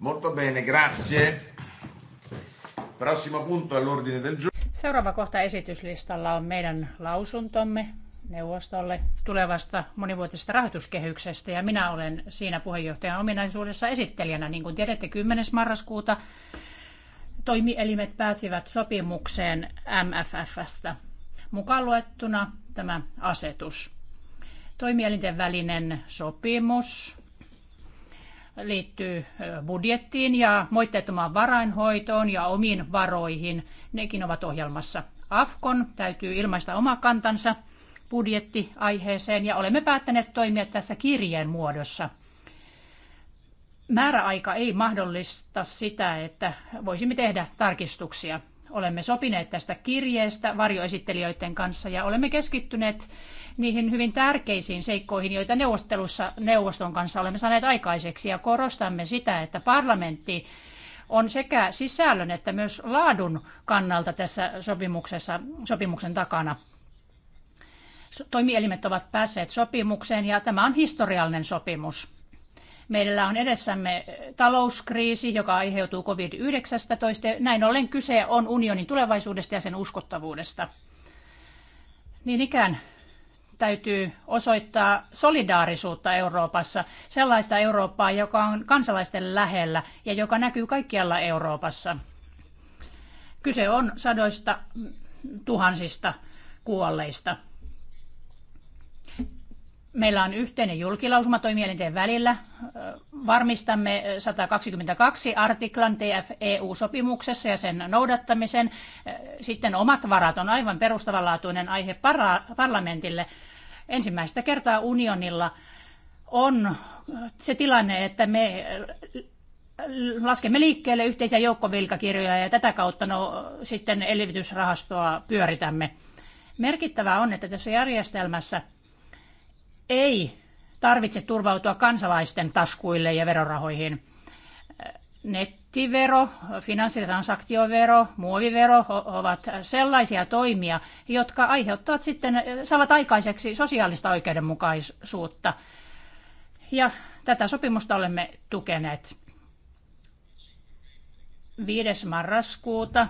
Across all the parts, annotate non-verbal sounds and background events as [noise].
Molto bene, grazie. Prossimo punto all'ordine del giorno. Seuraava kohta esityslistalla on meidän lausuntomme neuvostolle tulevasta monivuotisesta rahoituskehyksestä ja minä olen siinä puheenjohtajan ominaisuudessa esittelijänä. Niin kuin tiedätte, 10. marraskuuta toimielimet pääsivät sopimukseen MFFstä, mukaan luettuna tämä asetus. Toimielinten välinen sopimus liittyy budjettiin ja moitteettomaan varainhoitoon ja omiin varoihin. Nekin ovat ohjelmassa. Afkon täytyy ilmaista oma kantansa budjettiaiheeseen ja olemme päättäneet toimia tässä kirjeen muodossa. Määräaika ei mahdollista sitä, että voisimme tehdä tarkistuksia. Olemme sopineet tästä kirjeestä varjoesittelijöiden kanssa ja olemme keskittyneet niihin hyvin tärkeisiin seikkoihin, joita neuvostelussa neuvoston kanssa olemme saaneet aikaiseksi ja korostamme sitä, että parlamentti on sekä sisällön että myös laadun kannalta tässä sopimuksessa, sopimuksen takana. Toimielimet ovat päässeet sopimukseen ja tämä on historiallinen sopimus. Meillä on edessämme talouskriisi, joka aiheutuu COVID-19. Näin ollen kyse on unionin tulevaisuudesta ja sen uskottavuudesta. Niin ikään täytyy osoittaa solidaarisuutta Euroopassa, sellaista Eurooppaa, joka on kansalaisten lähellä ja joka näkyy kaikkialla Euroopassa. Kyse on sadoista tuhansista kuolleista. Meillä on yhteinen julkilausuma toimielinten välillä. Varmistamme 122 artiklan TFEU-sopimuksessa ja sen noudattamisen. Sitten omat varat on aivan perustavanlaatuinen aihe parlamentille. Ensimmäistä kertaa unionilla on se tilanne, että me laskemme liikkeelle yhteisiä joukkovilkakirjoja ja tätä kautta no, sitten elvytysrahastoa pyöritämme. Merkittävää on, että tässä järjestelmässä – ei tarvitse turvautua kansalaisten taskuille ja verorahoihin. Nettivero, finanssitransaktiovero, muovivero ovat sellaisia toimia, jotka aiheuttavat sitten, saavat aikaiseksi sosiaalista oikeudenmukaisuutta. Ja tätä sopimusta olemme tukeneet. 5. marraskuuta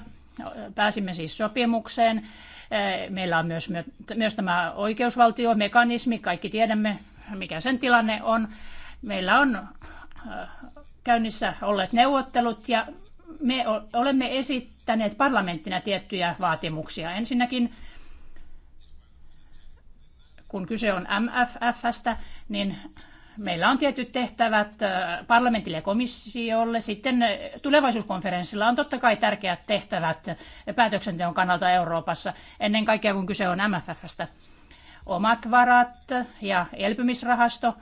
pääsimme siis sopimukseen. Eh, meillä on myös, myös tämä oikeusvaltiomekanismi, kaikki tiedämme, mikä sen tilanne on. Meillä on eh, käynnissä olleet neuvottelut ja me olemme esittäneet parlamenttina tiettyjä vaatimuksia. Ensinnäkin kun kyse on MFFstä, niin meillä on tietyt tehtävät äh, parlamentille ja komissiolle. Sitten äh, tulevaisuuskonferenssilla on totta kai tärkeät tehtävät päätöksenteon kannalta Euroopassa, ennen kaikkea kun kyse on MFFstä. Omat varat ja elpymisrahasto.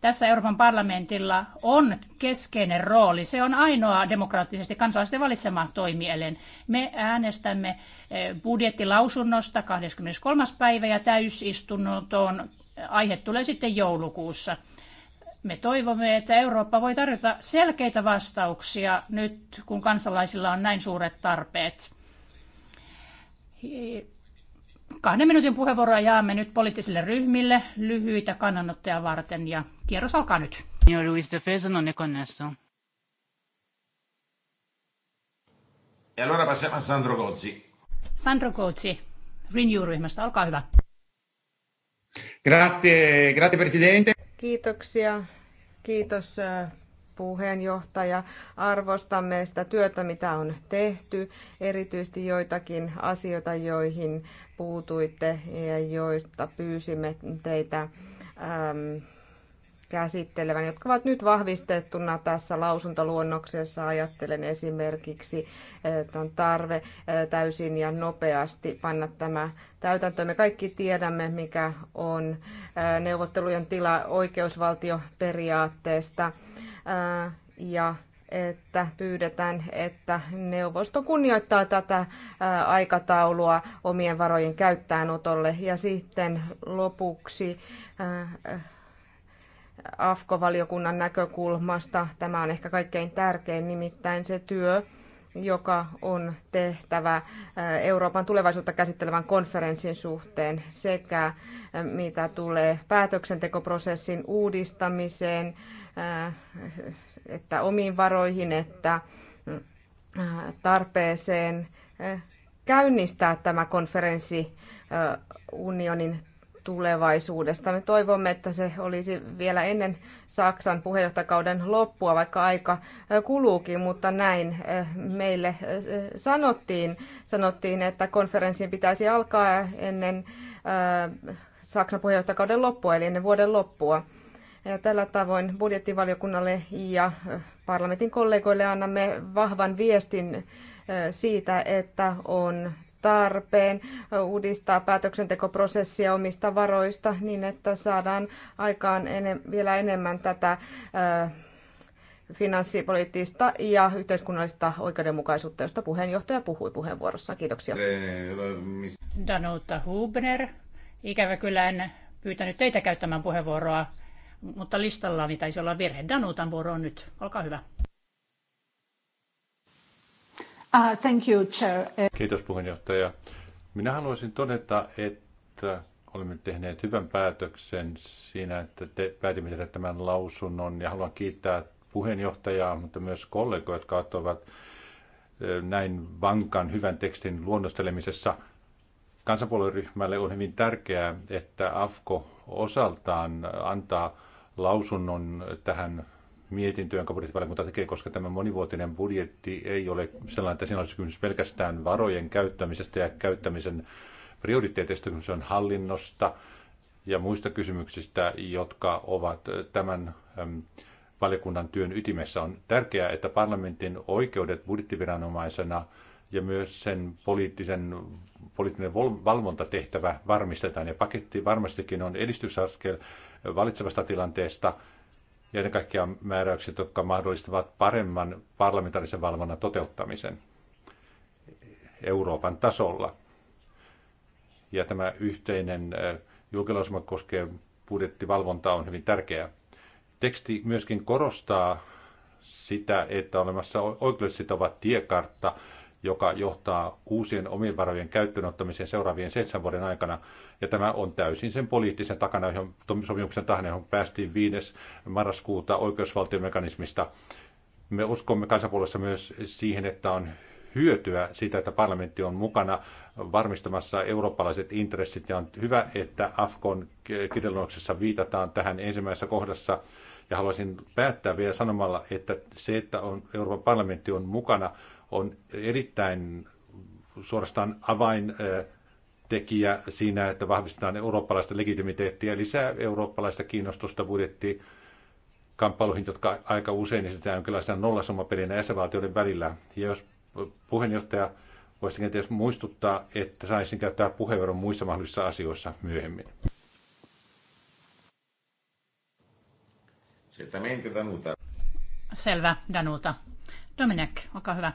Tässä Euroopan parlamentilla on keskeinen rooli. Se on ainoa demokraattisesti kansalaisten valitsema toimielin. Me äänestämme äh, budjettilausunnosta 23. päivä ja täysistunnoton aihe tulee sitten joulukuussa. Me toivomme, että Eurooppa voi tarjota selkeitä vastauksia nyt, kun kansalaisilla on näin suuret tarpeet. Kahden minuutin puheenvuoroa jaamme nyt poliittisille ryhmille lyhyitä kannanottoja varten ja kierros alkaa nyt. Luis non è connesso. E allora passiamo a Sandro Gozzi. Sandro Gozzi, Renew-ryhmästä, olkaa hyvä. Grazie, grazie presidente. Kiitoksia. Kiitos puheenjohtaja. Arvostamme sitä työtä, mitä on tehty, erityisesti joitakin asioita, joihin puutuitte ja joista pyysimme teitä käsittelevän, jotka ovat nyt vahvistettuna tässä lausuntoluonnoksessa. Ajattelen esimerkiksi, että on tarve täysin ja nopeasti panna tämä täytäntöön. Me kaikki tiedämme, mikä on neuvottelujen tila oikeusvaltioperiaatteesta ja että pyydetään, että neuvosto kunnioittaa tätä aikataulua omien varojen käyttäenotolle. Ja sitten lopuksi AFKO-valiokunnan näkökulmasta. Tämä on ehkä kaikkein tärkein, nimittäin se työ, joka on tehtävä eh, Euroopan tulevaisuutta käsittelevän konferenssin suhteen sekä eh, mitä tulee päätöksentekoprosessin uudistamiseen, eh, että omiin varoihin, että tarpeeseen käynnistää tämä konferenssi unionin tulevaisuudesta. Me toivomme, että se olisi vielä ennen Saksan puheenjohtajakauden loppua, vaikka aika kuluukin, mutta näin meille sanottiin. Sanottiin, että konferenssin pitäisi alkaa ennen Saksan puheenjohtajakauden loppua, eli ennen vuoden loppua. Ja tällä tavoin budjettivaliokunnalle ja parlamentin kollegoille annamme vahvan viestin siitä, että on tarpeen uudistaa päätöksentekoprosessia omista varoista niin, että saadaan aikaan enem- vielä enemmän tätä finanssipoliittista ja yhteiskunnallista oikeudenmukaisuutta, josta puheenjohtaja puhui puheenvuorossa. Kiitoksia. Danuta Hubner. Ikävä kyllä en pyytänyt teitä käyttämään puheenvuoroa, mutta listallani taisi olla virhe. Danutan vuoro on nyt. Olkaa hyvä. Uh, thank you, Chair. Kiitos puheenjohtaja. Minä haluaisin todeta, että olemme tehneet hyvän päätöksen siinä, että te päätimme tehdä tämän lausunnon ja haluan kiittää puheenjohtajaa, mutta myös kollegoja, jotka ovat näin vankan hyvän tekstin luonnostelemisessa. Kansanpuolueryhmälle on hyvin tärkeää, että AFKO osaltaan antaa lausunnon tähän mietintö, jonka budjettivaliokunta tekee, koska tämä monivuotinen budjetti ei ole sellainen, että siinä olisi kysymys pelkästään varojen käyttämisestä ja käyttämisen prioriteeteista, se on hallinnosta ja muista kysymyksistä, jotka ovat tämän valiokunnan työn ytimessä. On tärkeää, että parlamentin oikeudet budjettiviranomaisena ja myös sen poliittisen, poliittinen valvontatehtävä varmistetaan. Ja paketti varmastikin on edistysaskel valitsevasta tilanteesta – ja ennen kaikkea määräykset, jotka mahdollistavat paremman parlamentaarisen valvonnan toteuttamisen Euroopan tasolla. Ja tämä yhteinen julkilausuma koskee budjettivalvontaa on hyvin tärkeä. Teksti myöskin korostaa sitä, että olemassa oikeudellisesti sitova tiekartta joka johtaa uusien omien varojen käyttöönottamiseen seuraavien seitsemän vuoden aikana. Ja tämä on täysin sen poliittisen takana, johon sopimuksen tahne, johon päästiin 5. marraskuuta oikeusvaltiomekanismista. Me uskomme kansanpuolessa myös siihen, että on hyötyä siitä, että parlamentti on mukana varmistamassa eurooppalaiset intressit. Ja on hyvä, että Afkon kirjallisuudessa viitataan tähän ensimmäisessä kohdassa. Ja haluaisin päättää vielä sanomalla, että se, että on, Euroopan parlamentti on mukana on erittäin suorastaan avaintekijä siinä, että vahvistetaan eurooppalaista legitimiteettiä, lisää eurooppalaista kiinnostusta budjetti kamppailuihin, jotka aika usein esitetään jonkinlaisena nollasomapelinä jäsenvaltioiden välillä. Ja jos puheenjohtaja voisi kenties muistuttaa, että saisin käyttää puheenvuoron muissa mahdollisissa asioissa myöhemmin. Selvä, Danuta. Dominic, olkaa hyvä.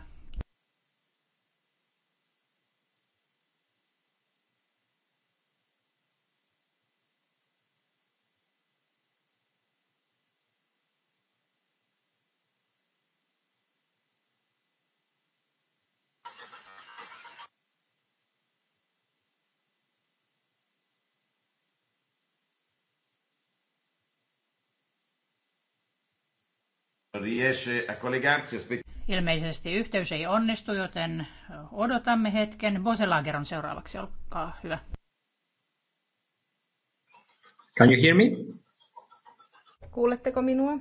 riesce a collegarsi. E Ilmeisesti yhteys ei onnistu, joten odotamme hetken. Boselager on seuraavaksi, olkaa hyvä. Can you hear me? Kuuletteko minua?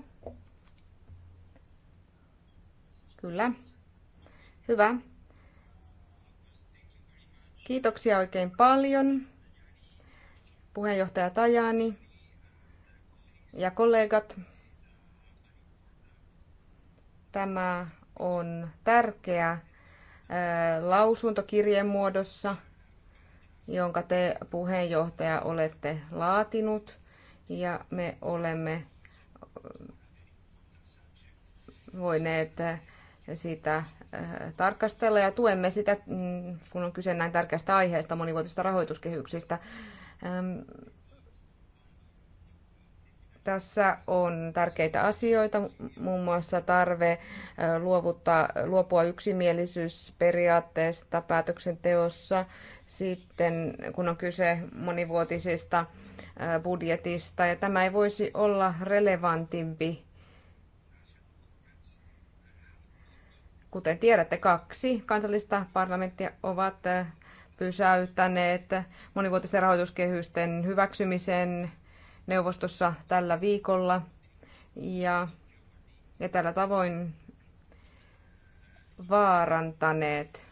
Kyllä. Hyvä. Kiitoksia oikein paljon, puheenjohtaja Tajani ja kollegat. Tämä on tärkeä lausuntokirjeen muodossa, jonka te puheenjohtaja olette laatinut. Ja me olemme voineet sitä tarkastella ja tuemme sitä, mm, kun on kyse näin tärkeästä aiheesta, monivuotisista rahoituskehyksistä. Tässä on tärkeitä asioita, muun muassa tarve luovuttaa, luopua yksimielisyysperiaatteesta päätöksenteossa, sitten kun on kyse monivuotisista budjetista, ja tämä ei voisi olla relevantimpi Kuten tiedätte, kaksi kansallista parlamenttia ovat pysäyttäneet monivuotisten rahoituskehysten hyväksymisen neuvostossa tällä viikolla. Ja, ja tällä tavoin vaarantaneet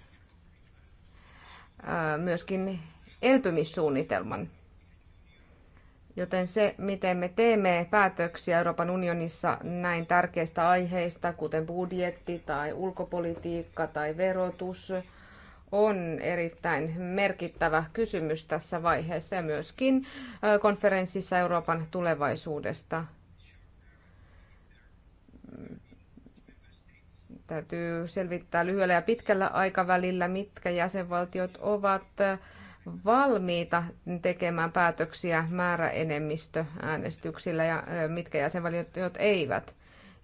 myöskin elpymissuunnitelman. Joten se, miten me teemme päätöksiä Euroopan unionissa näin tärkeistä aiheista, kuten budjetti tai ulkopolitiikka tai verotus, on erittäin merkittävä kysymys tässä vaiheessa ja myöskin konferenssissa Euroopan tulevaisuudesta. Täytyy selvittää lyhyellä ja pitkällä aikavälillä, mitkä jäsenvaltiot ovat valmiita tekemään päätöksiä määräenemmistöäänestyksillä ja mitkä jäsenvaltiot eivät.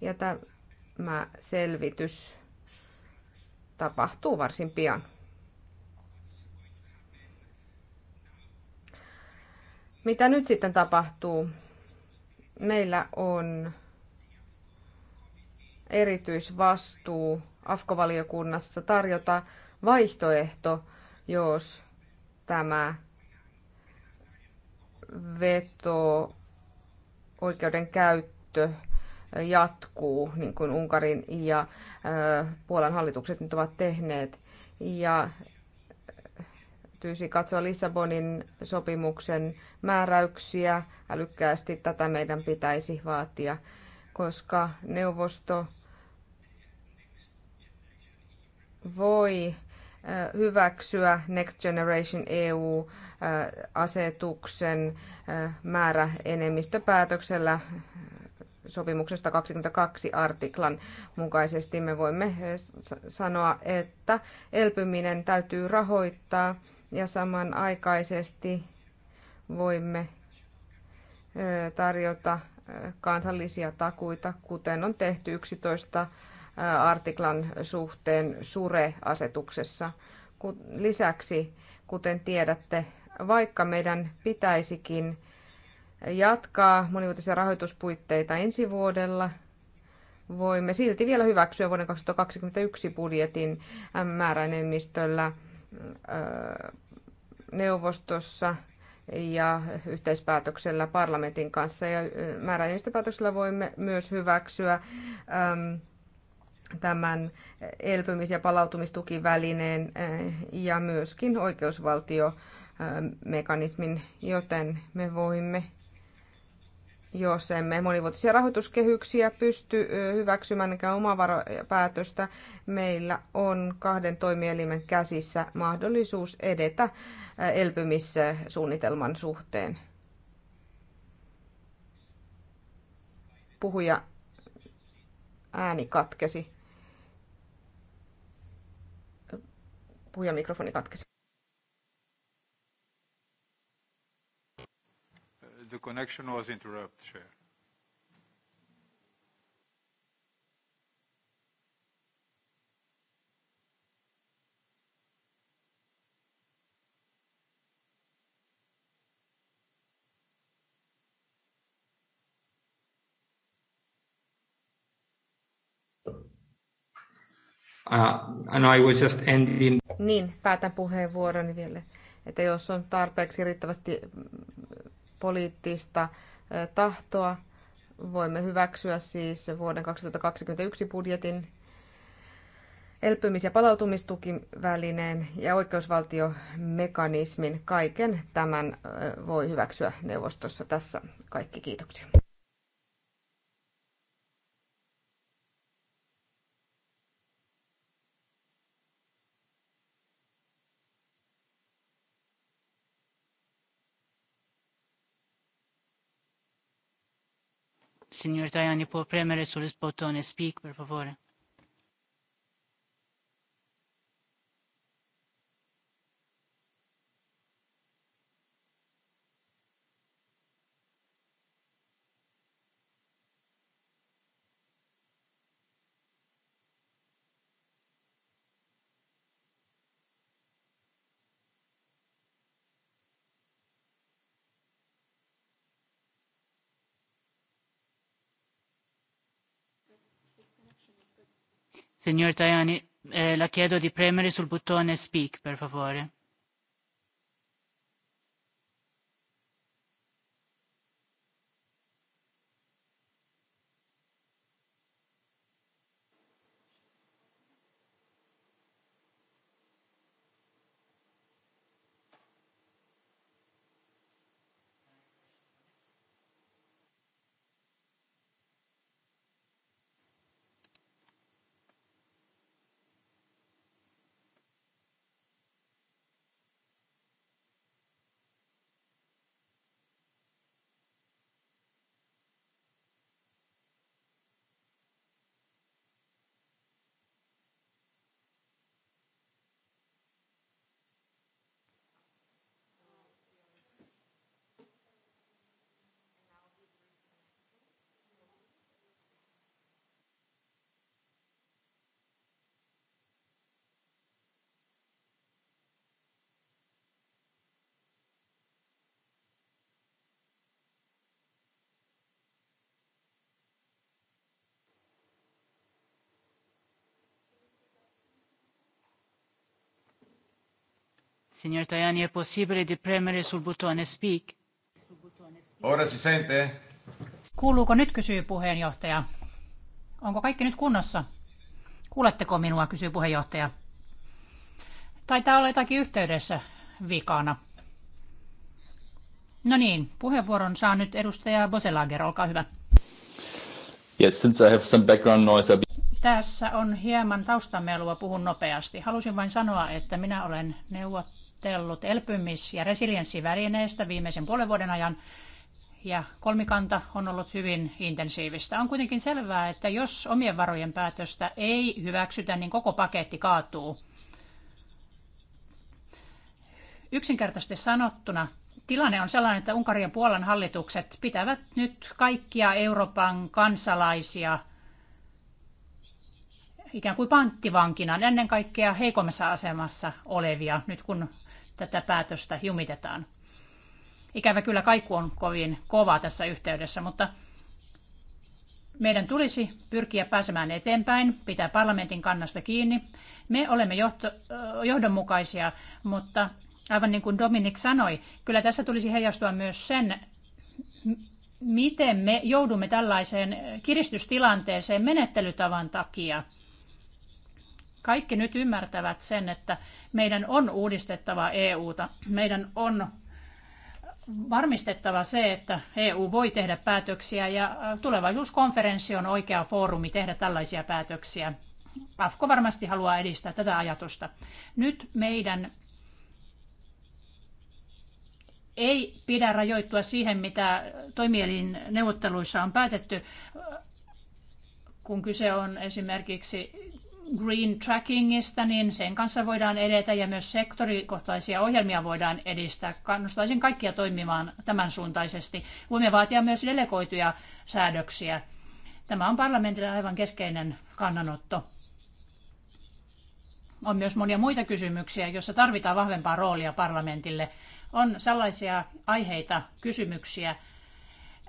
Ja tämä selvitys tapahtuu varsin pian. Mitä nyt sitten tapahtuu? Meillä on erityisvastuu AFKO-valiokunnassa tarjota vaihtoehto, jos tämä veto oikeuden käyttö jatkuu, niin kuin Unkarin ja Puolan hallitukset nyt ovat tehneet. Ja pystyisi katsoa Lissabonin sopimuksen määräyksiä. Älykkäästi tätä meidän pitäisi vaatia, koska neuvosto voi hyväksyä Next Generation EU-asetuksen määrä enemmistöpäätöksellä sopimuksesta 22 artiklan mukaisesti me voimme sanoa, että elpyminen täytyy rahoittaa ja samanaikaisesti voimme tarjota kansallisia takuita, kuten on tehty 11 artiklan suhteen SURE-asetuksessa. Lisäksi, kuten tiedätte, vaikka meidän pitäisikin jatkaa monivuotisia rahoituspuitteita ensi vuodella, voimme silti vielä hyväksyä vuoden 2021 budjetin määräenemmistöllä neuvostossa ja yhteispäätöksellä parlamentin kanssa. Ja määräenemmistöpäätöksellä voimme myös hyväksyä äm, tämän elpymis- ja palautumistukivälineen ja myöskin oikeusvaltiomekanismin, joten me voimme jos emme monivuotisia rahoituskehyksiä pysty hyväksymään eikä niin omavarapäätöstä, meillä on kahden toimielimen käsissä mahdollisuus edetä elpymissuunnitelman suhteen. Puhuja ääni katkesi. Puhuja mikrofoni katkesi. The connection was interrupted, Chair. Uh, and I was just ending. Niin, päätän puheenvuoroni vielä, että jos on tarpeeksi riittävästi poliittista tahtoa. Voimme hyväksyä siis vuoden 2021 budjetin elpymis- ja palautumistukivälineen ja oikeusvaltiomekanismin. Kaiken tämän voi hyväksyä neuvostossa. Tässä kaikki kiitoksia. Signor Tajani, può premere sullo bottone speak, per favore. Signor Tajani, eh, la chiedo di premere sul bottone speak, per favore. Signor Tajani, è possibile di premere sul bottone speak? Ora si sente? Kuuluuko nyt, kysyy puheenjohtaja. Onko kaikki nyt kunnossa? Kuuletteko minua, kysyy puheenjohtaja. Taitaa olla jotakin yhteydessä vikana. No niin, puheenvuoron saa nyt edustaja Boselager, olkaa hyvä. Yes, since I have some background noise, I'll be... Tässä on hieman taustamelua, puhun nopeasti. Halusin vain sanoa, että minä olen neuvottelut neuvotellut elpymis- ja resilienssivälineestä viimeisen puolen vuoden ajan ja kolmikanta on ollut hyvin intensiivistä. On kuitenkin selvää, että jos omien varojen päätöstä ei hyväksytä, niin koko paketti kaatuu. Yksinkertaisesti sanottuna tilanne on sellainen, että Unkarin ja Puolan hallitukset pitävät nyt kaikkia Euroopan kansalaisia ikään kuin panttivankina, ennen kaikkea heikommassa asemassa olevia, nyt kun tätä päätöstä jumitetaan. Ikävä kyllä kaikku on kovin kova tässä yhteydessä, mutta meidän tulisi pyrkiä pääsemään eteenpäin, pitää parlamentin kannasta kiinni. Me olemme johto, johdonmukaisia, mutta aivan niin kuin Dominik sanoi, kyllä tässä tulisi heijastua myös sen, miten me joudumme tällaiseen kiristystilanteeseen menettelytavan takia – kaikki nyt ymmärtävät sen, että meidän on uudistettava EUta. Meidän on varmistettava se, että EU voi tehdä päätöksiä ja tulevaisuuskonferenssi on oikea foorumi tehdä tällaisia päätöksiä. AFKO varmasti haluaa edistää tätä ajatusta. Nyt meidän ei pidä rajoittua siihen, mitä toimielin neuvotteluissa on päätetty, kun kyse on esimerkiksi Green Trackingista, niin sen kanssa voidaan edetä ja myös sektorikohtaisia ohjelmia voidaan edistää. Kannustaisin kaikkia toimimaan tämän suuntaisesti. Voimme vaatia myös delegoituja säädöksiä. Tämä on parlamentille aivan keskeinen kannanotto. On myös monia muita kysymyksiä, joissa tarvitaan vahvempaa roolia parlamentille. On sellaisia aiheita, kysymyksiä,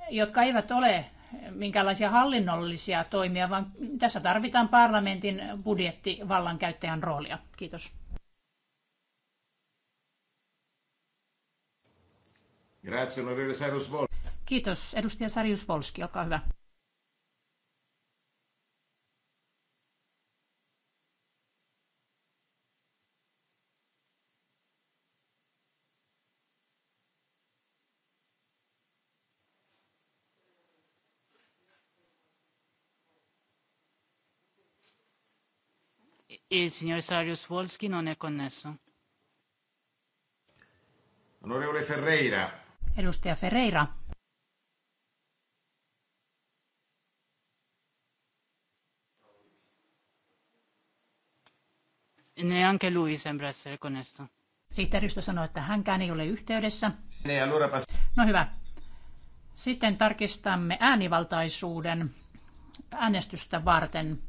jotka eivät ole minkälaisia hallinnollisia toimia, vaan tässä tarvitaan parlamentin budjettivallan käyttäjän roolia. Kiitos. Kiitos. Edustaja Sarius Volski, olkaa hyvä. Il signor Sarius Wolski non è connesso. Onorevole Ferreira. Edustaja Ferreira. Neanche lui sembra essere connesso. Sihteeristö sanoi, että hänkään ei ole yhteydessä. No hyvä. Sitten tarkistamme äänivaltaisuuden äänestystä varten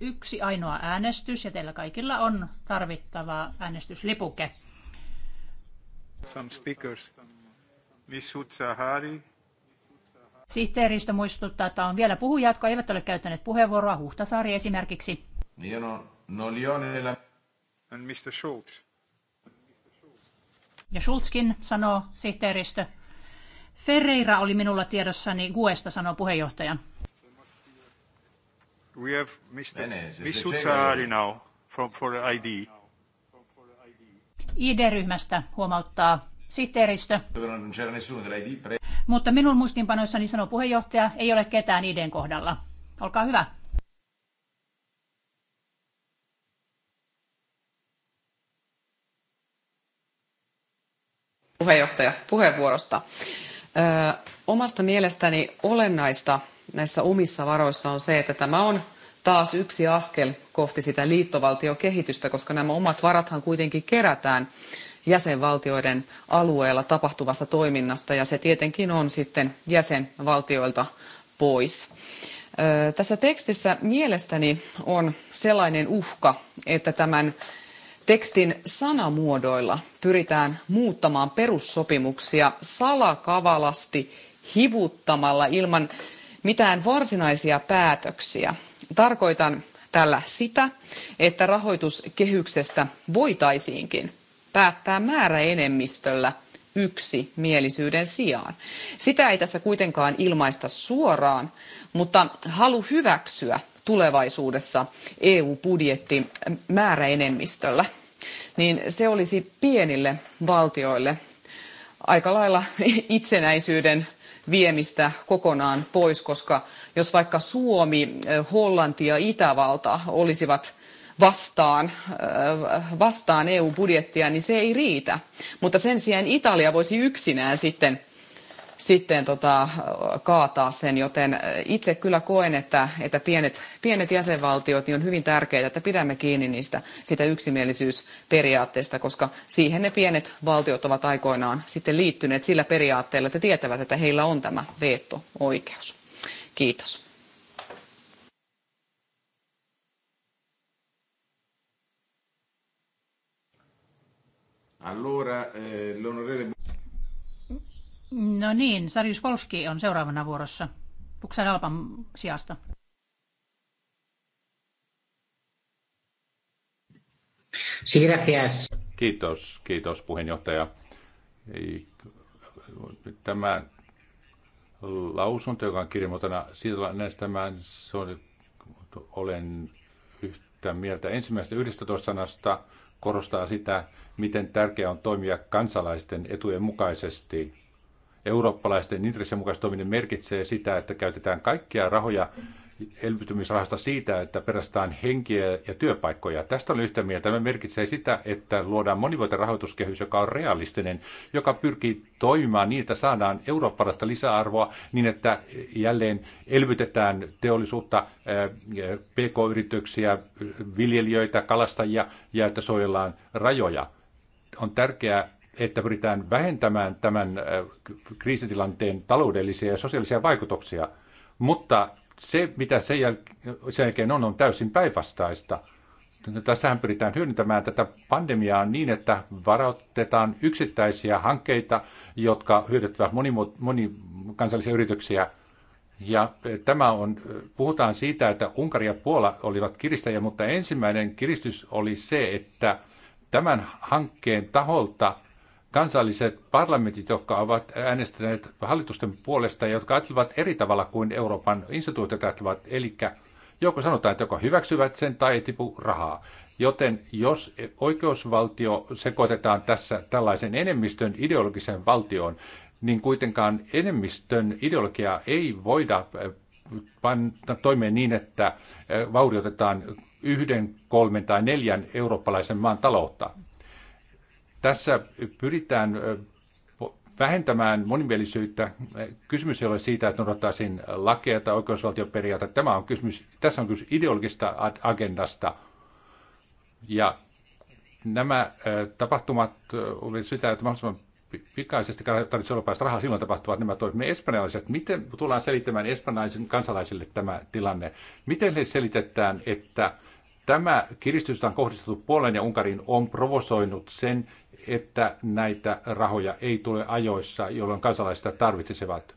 yksi ainoa äänestys ja teillä kaikilla on tarvittava äänestyslipuke. Some speakers. Sihteeristö muistuttaa, että on vielä puhujia, jotka eivät ole käyttäneet puheenvuoroa. Huhtasaari esimerkiksi. No And Mr. Schultz. Ja Schultzkin sanoo sihteeristö. Ferreira oli minulla tiedossani Guesta, sanoo puheenjohtaja. We have Mr. Misutsari now from, for ID. ID-ryhmästä huomauttaa sihteeristö. Mutta minun muistinpanoissani sanoo puheenjohtaja, ei ole ketään ideen kohdalla. Olkaa hyvä. Puheenjohtaja puheenvuorosta. Ö, omasta mielestäni olennaista näissä omissa varoissa on se, että tämä on taas yksi askel kohti sitä liittovaltiokehitystä, koska nämä omat varathan kuitenkin kerätään jäsenvaltioiden alueella tapahtuvasta toiminnasta ja se tietenkin on sitten jäsenvaltioilta pois. Tässä tekstissä mielestäni on sellainen uhka, että tämän tekstin sanamuodoilla pyritään muuttamaan perussopimuksia salakavalasti hivuttamalla ilman mitään varsinaisia päätöksiä. Tarkoitan tällä sitä, että rahoituskehyksestä voitaisiinkin päättää määräenemmistöllä yksi mielisyyden sijaan. Sitä ei tässä kuitenkaan ilmaista suoraan, mutta halu hyväksyä tulevaisuudessa EU-budjetti määräenemmistöllä, niin se olisi pienille valtioille aika lailla [laughs] itsenäisyyden viemistä kokonaan pois, koska jos vaikka Suomi, Hollanti ja Itävalta olisivat vastaan, vastaan EU-budjettia, niin se ei riitä. Mutta sen sijaan Italia voisi yksinään sitten sitten tota, kaataa sen, joten itse kyllä koen, että, että pienet, pienet jäsenvaltiot niin on hyvin tärkeää, että pidämme kiinni niistä sitä yksimielisyysperiaatteesta, koska siihen ne pienet valtiot ovat aikoinaan sitten liittyneet sillä periaatteella, että tietävät, että heillä on tämä veto-oikeus. Kiitos. Allora, eh, l'onorevole... No niin, Sarius Volski on seuraavana vuorossa. Puksan Alpan sijasta. Sí, gracias. Kiitos, kiitos puheenjohtaja. Tämä lausunto, joka on kirjoittana, siitä näistä se olen yhtä mieltä. Ensimmäistä 11 sanasta korostaa sitä, miten tärkeää on toimia kansalaisten etujen mukaisesti eurooppalaisten intressien mukaisesti toiminen merkitsee sitä, että käytetään kaikkia rahoja elvytymisrahasta siitä, että perästään henkiä ja työpaikkoja. Tästä on yhtä mieltä. Tämä merkitsee sitä, että luodaan monivuotinen rahoituskehys, joka on realistinen, joka pyrkii toimimaan niin, että saadaan eurooppalaista lisäarvoa niin, että jälleen elvytetään teollisuutta, eh, pk-yrityksiä, viljelijöitä, kalastajia ja että suojellaan rajoja. On tärkeää että pyritään vähentämään tämän äh, kriisitilanteen taloudellisia ja sosiaalisia vaikutuksia. Mutta se, mitä sen, jäl- sen jälkeen on, on täysin päinvastaista. Tässähän pyritään hyödyntämään tätä pandemiaa niin, että varoitetaan yksittäisiä hankkeita, jotka hyödyttävät monikansallisia yrityksiä. Ja äh, tämä on, äh, puhutaan siitä, että Unkari ja Puola olivat kiristäjiä, mutta ensimmäinen kiristys oli se, että tämän hankkeen taholta kansalliset parlamentit, jotka ovat äänestäneet hallitusten puolesta ja jotka ajattelevat eri tavalla kuin Euroopan instituutiot ajattelevat, eli joko sanotaan, että joko hyväksyvät sen tai ei tipu rahaa. Joten jos oikeusvaltio sekoitetaan tässä tällaisen enemmistön ideologisen valtioon, niin kuitenkaan enemmistön ideologiaa ei voida eh, panna toimeen niin, että eh, vaurioitetaan yhden, kolmen tai neljän eurooppalaisen maan taloutta. Tässä pyritään vähentämään monimielisyyttä. Kysymys ei ole siitä, että noudattaisiin lakeja tai oikeusvaltioperiaatetta. Tämä on kysymys, tässä on kysymys ideologista agendasta. Ja nämä tapahtumat oli sitä, että mahdollisimman pikaisesti tarvitsisi olla päästä rahaa silloin tapahtuvat nämä toimivat. Me espanjalaiset, miten tullaan selittämään espanjalaisen kansalaisille tämä tilanne? Miten he selitetään, että tämä kiristys, on kohdistettu Puolen ja Unkarin, on provosoinut sen, että näitä rahoja ei tule ajoissa, jolloin kansalaiset tarvitsisivat.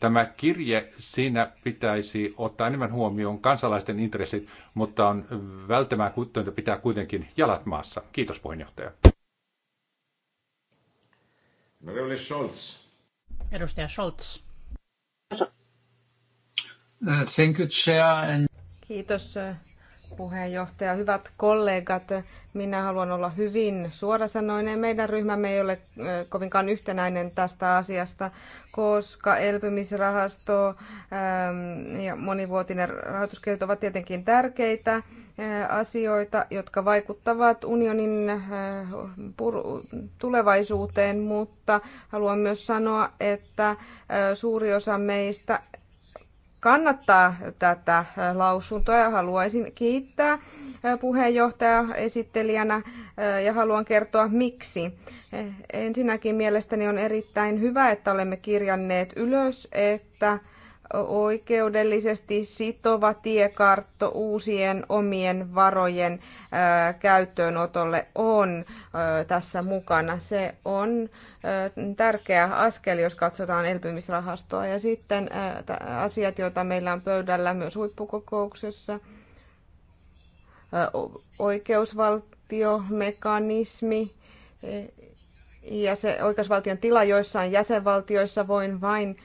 Tämä kirje, siinä pitäisi ottaa enemmän huomioon kansalaisten intressit, mutta on välttämätöntä pitää kuitenkin jalat maassa. Kiitos puheenjohtaja. Mereville Scholz. Edustaja Scholz. Uh, thank you, Chair. Kiitos puheenjohtaja. Hyvät kollegat, minä haluan olla hyvin suorasanoinen. Meidän ryhmämme ei ole kovinkaan yhtenäinen tästä asiasta, koska elpymisrahasto ja monivuotinen rahoituskehitys ovat tietenkin tärkeitä asioita, jotka vaikuttavat unionin tulevaisuuteen, mutta haluan myös sanoa, että suuri osa meistä kannattaa tätä lausuntoa ja haluaisin kiittää puheenjohtaja esittelijänä ja haluan kertoa miksi. Ensinnäkin mielestäni on erittäin hyvä, että olemme kirjanneet ylös, että oikeudellisesti sitova tiekartto uusien omien varojen käyttöönotolle on tässä mukana. Se on tärkeä askel, jos katsotaan elpymisrahastoa. Ja sitten asiat, joita meillä on pöydällä myös huippukokouksessa, oikeusvaltiomekanismi, ja se oikeusvaltion tila joissain jäsenvaltioissa voin vain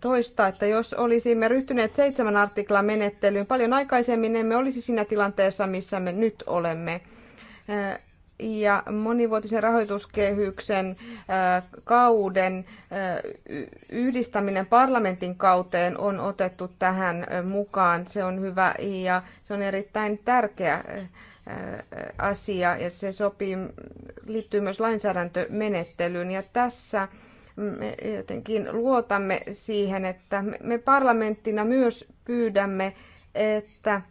toista, että jos olisimme ryhtyneet seitsemän artiklan menettelyyn paljon aikaisemmin, emme olisi siinä tilanteessa, missä me nyt olemme ja monivuotisen rahoituskehyksen kauden yhdistäminen parlamentin kauteen on otettu tähän mukaan. Se on hyvä ja se on erittäin tärkeä asia ja se sopii, liittyy myös lainsäädäntömenettelyyn. Ja tässä me jotenkin luotamme siihen, että me parlamenttina myös pyydämme, että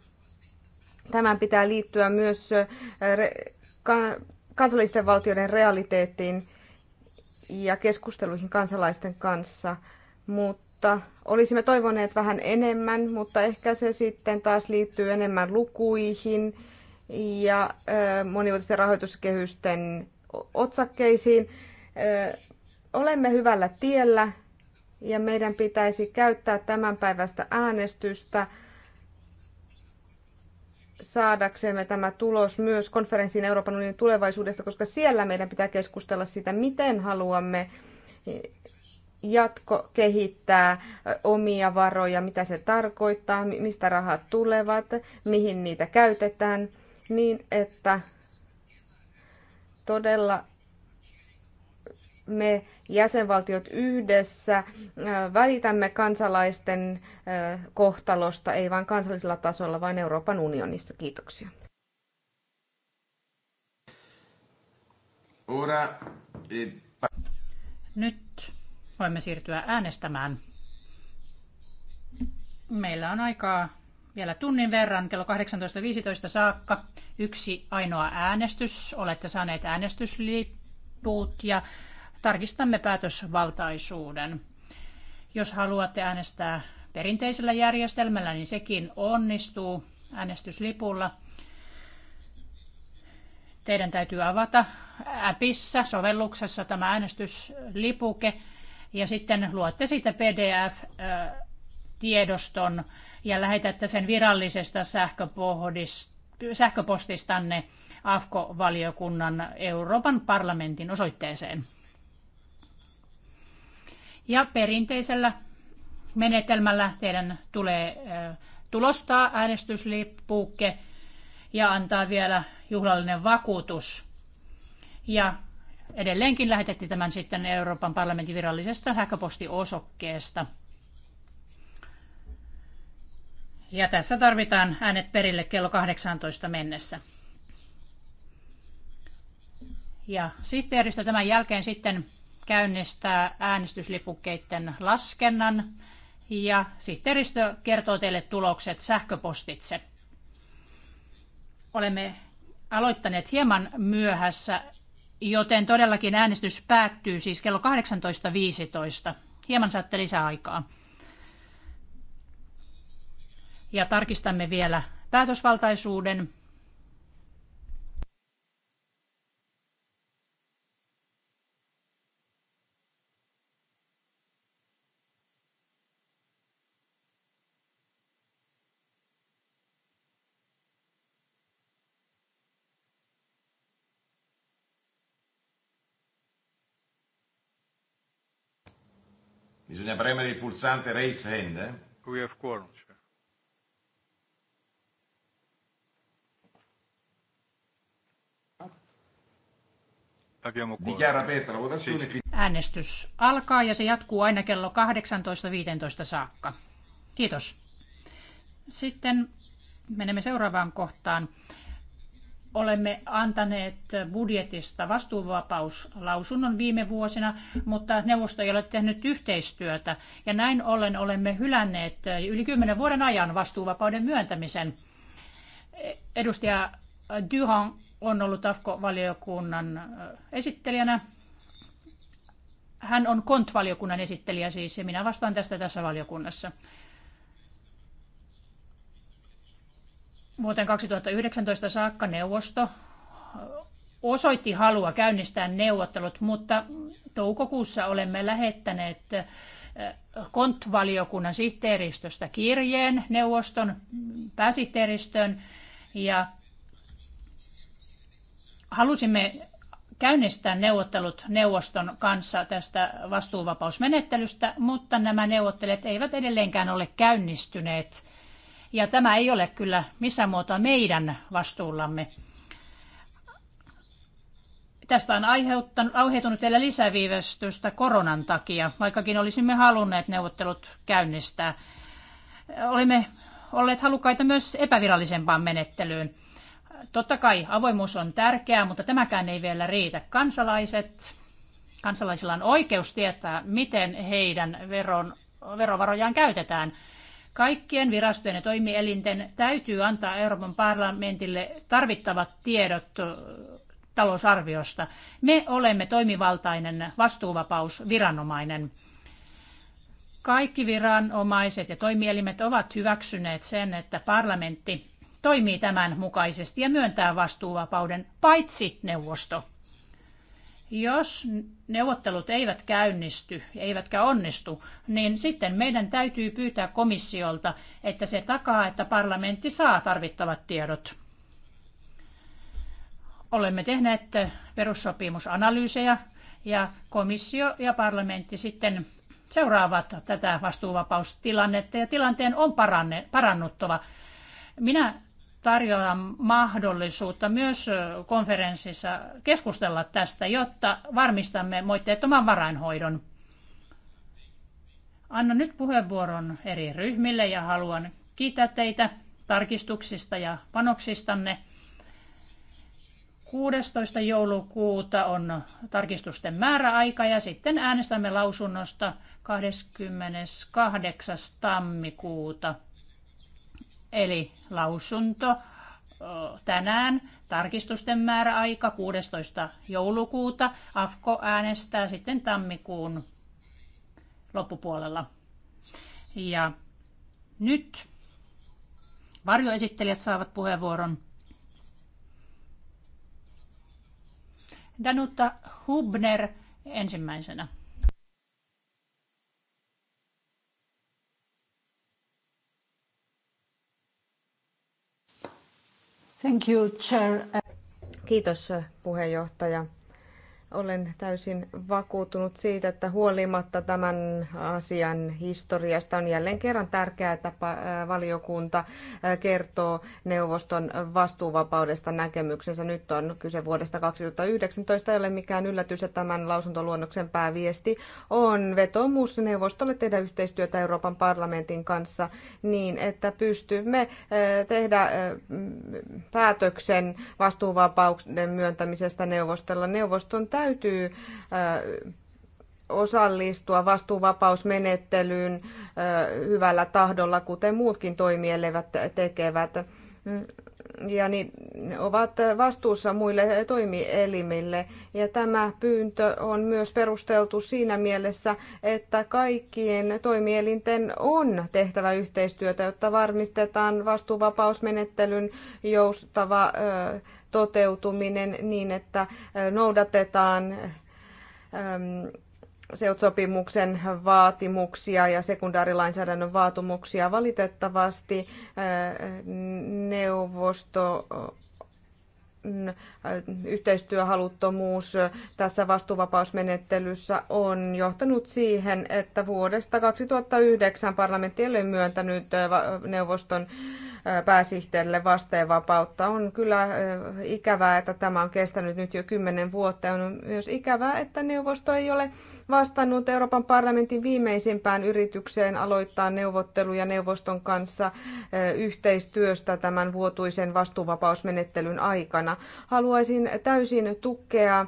tämän pitää liittyä myös kansallisten valtioiden realiteettiin ja keskusteluihin kansalaisten kanssa, mutta olisimme toivoneet vähän enemmän, mutta ehkä se sitten taas liittyy enemmän lukuihin ja monivuotisten rahoituskehysten otsakkeisiin olemme hyvällä tiellä ja meidän pitäisi käyttää tämän päivästä äänestystä saadaksemme tämä tulos myös konferenssiin Euroopan unionin tulevaisuudesta, koska siellä meidän pitää keskustella sitä, miten haluamme jatko kehittää omia varoja, mitä se tarkoittaa, mistä rahat tulevat, mihin niitä käytetään, niin että todella me jäsenvaltiot yhdessä välitämme kansalaisten kohtalosta, ei vain kansallisella tasolla, vaan Euroopan unionissa. Kiitoksia. E, Nyt voimme siirtyä äänestämään. Meillä on aikaa vielä tunnin verran kello 18.15 saakka. Yksi ainoa äänestys. Olette saaneet äänestysliput ja tarkistamme päätösvaltaisuuden. Jos haluatte äänestää perinteisellä järjestelmällä, niin sekin onnistuu äänestyslipulla. Teidän täytyy avata appissa, sovelluksessa tämä äänestyslipuke ja sitten luotte siitä PDF-tiedoston ja lähetätte sen virallisesta sähköpostistanne AFKO-valiokunnan Euroopan parlamentin osoitteeseen. Ja perinteisellä menetelmällä teidän tulee tulostaa äänestyslippuukke ja antaa vielä juhlallinen vakuutus. Ja edelleenkin lähetettiin tämän sitten Euroopan parlamentin virallisesta sähköpostiosoitteesta. Ja tässä tarvitaan äänet perille kello 18 mennessä. Ja sihteeristö tämän jälkeen sitten käynnistää äänestyslipukkeiden laskennan ja sihteeristö kertoo teille tulokset sähköpostitse. Olemme aloittaneet hieman myöhässä, joten todellakin äänestys päättyy siis kello 18.15. Hieman saatte lisää aikaa. Ja tarkistamme vielä päätösvaltaisuuden. Bisogna premere il pulsante raise hand. Eh? We have quorum. Dichiaro aperta la votazione. Äänestys alkaa ja se jatkuu aina kello 18.15 saakka. Kiitos. Sitten menemme seuraavaan kohtaan olemme antaneet budjetista vastuuvapauslausunnon viime vuosina, mutta neuvosto ei ole tehnyt yhteistyötä. Ja näin ollen olemme hylänneet yli kymmenen vuoden ajan vastuuvapauden myöntämisen. Edustaja Duhan on ollut AFKO-valiokunnan esittelijänä. Hän on kontvaliokunnan esittelijä siis, ja minä vastaan tästä tässä valiokunnassa. Vuoteen 2019 saakka neuvosto osoitti halua käynnistää neuvottelut, mutta toukokuussa olemme lähettäneet eh, kontvaliokunnan sihteeristöstä kirjeen neuvoston pääsihteeristön ja halusimme käynnistää neuvottelut neuvoston kanssa tästä vastuuvapausmenettelystä, mutta nämä neuvottelut eivät edelleenkään ole käynnistyneet. Ja tämä ei ole kyllä missään muotoa meidän vastuullamme. Tästä on aiheutunut vielä lisäviivästystä koronan takia, vaikkakin olisimme halunneet neuvottelut käynnistää. Olemme olleet halukkaita myös epävirallisempaan menettelyyn. Totta kai avoimuus on tärkeää, mutta tämäkään ei vielä riitä. Kansalaiset, kansalaisilla on oikeus tietää, miten heidän veron, verovarojaan käytetään – Kaikkien virastojen ja toimielinten täytyy antaa Euroopan parlamentille tarvittavat tiedot talousarviosta. Me olemme toimivaltainen vastuuvapausviranomainen. Kaikki viranomaiset ja toimielimet ovat hyväksyneet sen, että parlamentti toimii tämän mukaisesti ja myöntää vastuuvapauden, paitsi neuvosto. Jos neuvottelut eivät käynnisty, eivätkä onnistu, niin sitten meidän täytyy pyytää komissiolta, että se takaa, että parlamentti saa tarvittavat tiedot. Olemme tehneet perussopimusanalyysejä ja komissio ja parlamentti sitten seuraavat tätä vastuuvapaustilannetta ja tilanteen on parannuttava. Minä tarjoaa mahdollisuutta myös konferenssissa keskustella tästä, jotta varmistamme moitteettoman varainhoidon. Annan nyt puheenvuoron eri ryhmille ja haluan kiittää teitä tarkistuksista ja panoksistanne. 16. joulukuuta on tarkistusten määräaika ja sitten äänestämme lausunnosta 28. tammikuuta. Eli lausunto tänään, tarkistusten määräaika 16. joulukuuta. AFKO äänestää sitten tammikuun loppupuolella. Ja nyt varjoesittelijät saavat puheenvuoron. Danuta Hubner ensimmäisenä. Thank you, Chair. Kiitos puheenjohtaja. Olen täysin vakuuttunut siitä, että huolimatta tämän asian historiasta on jälleen kerran tärkeää, että äh, valiokunta äh, kertoo neuvoston vastuuvapaudesta näkemyksensä. Nyt on kyse vuodesta 2019. Ei ole mikään yllätys, että tämän lausuntoluonnoksen pääviesti on vetomus neuvostolle tehdä yhteistyötä Euroopan parlamentin kanssa niin, että pystymme äh, tehdä päätöksen vastuuvapauden myöntämisestä neuvostolla. Neuvoston täytyy osallistua vastuuvapausmenettelyyn hyvällä tahdolla, kuten muutkin toimielevät tekevät. Mm, ja niin ovat vastuussa muille toimielimille. Ja tämä pyyntö on myös perusteltu siinä mielessä, että kaikkien toimielinten on tehtävä yhteistyötä, jotta varmistetaan vastuuvapausmenettelyn joustava toteutuminen niin, että noudatetaan seutsopimuksen vaatimuksia ja sekundaarilainsäädännön vaatimuksia. Valitettavasti neuvosto yhteistyöhaluttomuus tässä vastuuvapausmenettelyssä on johtanut siihen, että vuodesta 2009 parlamentti ei ole myöntänyt neuvoston pääsihteerille vasteenvapautta. On kyllä ikävää, että tämä on kestänyt nyt jo kymmenen vuotta. On myös ikävää, että neuvosto ei ole vastannut Euroopan parlamentin viimeisimpään yritykseen aloittaa neuvotteluja neuvoston kanssa yhteistyöstä tämän vuotuisen vastuuvapausmenettelyn aikana. Haluaisin täysin tukea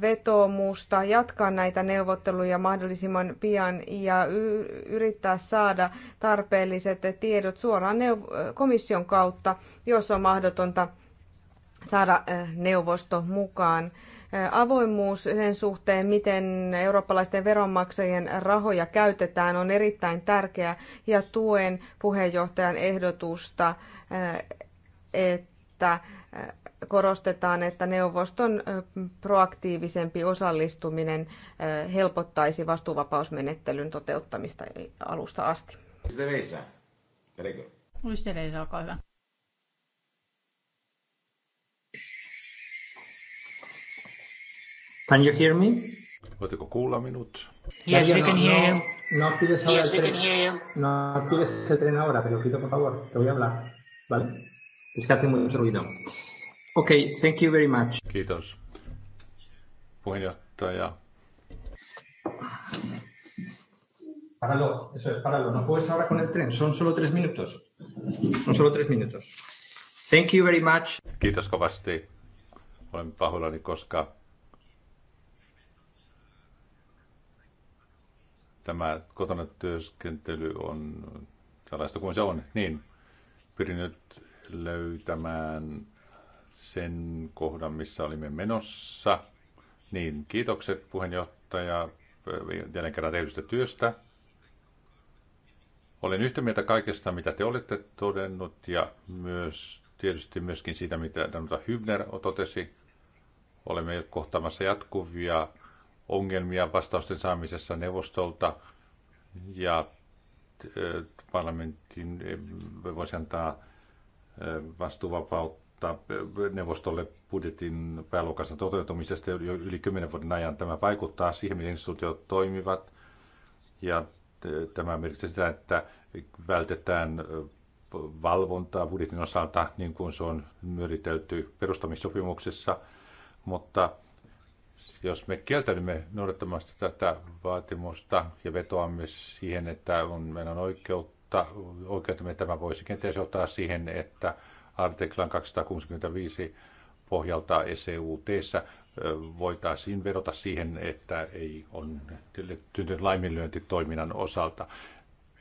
vetoomusta jatkaa näitä neuvotteluja mahdollisimman pian ja yrittää saada tarpeelliset tiedot suoraan komission kautta, jos on mahdotonta saada neuvosto mukaan. Avoimuus sen suhteen, miten eurooppalaisten veronmaksajien rahoja käytetään, on erittäin tärkeää ja tuen puheenjohtajan ehdotusta, että korostetaan, että neuvoston proaktiivisempi osallistuminen helpottaisi vastuuvapausmenettelyn toteuttamista e, alusta asti. Luis Teresa, olkaa hyvä. Can you hear me? Voitteko kuulla minut? Yes, we can hear you. No, no pides ahora yes, el tren. No pides el tren no, no ahora, pero pido por favor, te voy a hablar. ¿Vale? Es que hace mucho ruido. Okay, thank you very much. Kiitos. Puheenjohtaja. Paralo, eso es, paralo. No puedes ahora con el tren, son solo tres minutos. Son solo tres minutos. Thank you very much. Kiitos kovasti. Olen pahoillani, koska tämä kotona työskentely on sellaista kuin se on. Niin, pyrin nyt löytämään sen kohdan, missä olimme menossa. Niin, kiitokset puheenjohtaja jälleen kerran tehdystä työstä. Olen yhtä mieltä kaikesta, mitä te olette todennut ja myös tietysti myöskin siitä, mitä Danuta Hybner totesi. Olemme kohtaamassa jatkuvia ongelmia vastausten saamisessa neuvostolta ja eh, parlamentin eh, voisi antaa eh, vastuuvapautta tota, neuvostolle budjetin pääluokassa toteutumisesta jo yli kymmenen vuoden ajan. Tämä vaikuttaa siihen, miten instituutiot toimivat ja tämä merkitsee sitä, että vältetään valvontaa budjetin osalta, niin kuin se on myöritelty perustamissopimuksessa, mutta jos me kieltäydymme noudattamasta tätä vaatimusta ja vetoamme siihen, että on, meidän oikeutta, oikeutemme tämä voisi kenties johtaa siihen, että artiklan 265 pohjalta ecut voitaisiin vedota siihen, että ei on tyntynyt laiminlyönti toiminnan osalta.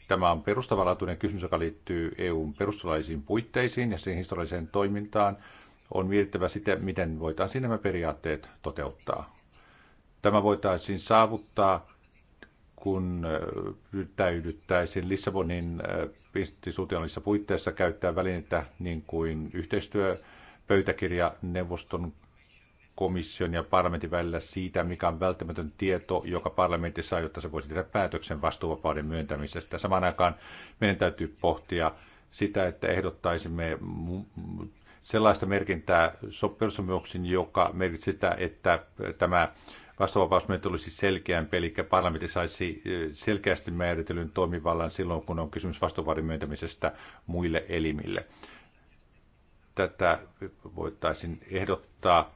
Tämä on perustavanlaatuinen kysymys, joka liittyy EUn perustuslaisiin puitteisiin ja sen historialliseen toimintaan. On mietittävä sitä, miten voitaisiin nämä periaatteet toteuttaa. Tämä voitaisiin saavuttaa, kun täydyttäisiin Lissabonin institutionaalisissa puitteissa käyttää välinettä niin kuin yhteistyöpöytäkirja neuvoston komission ja parlamentin välillä siitä, mikä on välttämätön tieto, joka parlamentti saa, jotta se voisi tehdä päätöksen vastuuvapauden myöntämisestä. Samaan aikaan meidän täytyy pohtia sitä, että ehdottaisimme sellaista merkintää sopimuksen, joka merkitsee sitä, että tämä vastuuvapausmenettely olisi selkeämpi, eli parlamentti saisi selkeästi määritellyn toimivallan silloin, kun on kysymys vastuuvapauden myöntämisestä muille elimille. Tätä voitaisiin ehdottaa,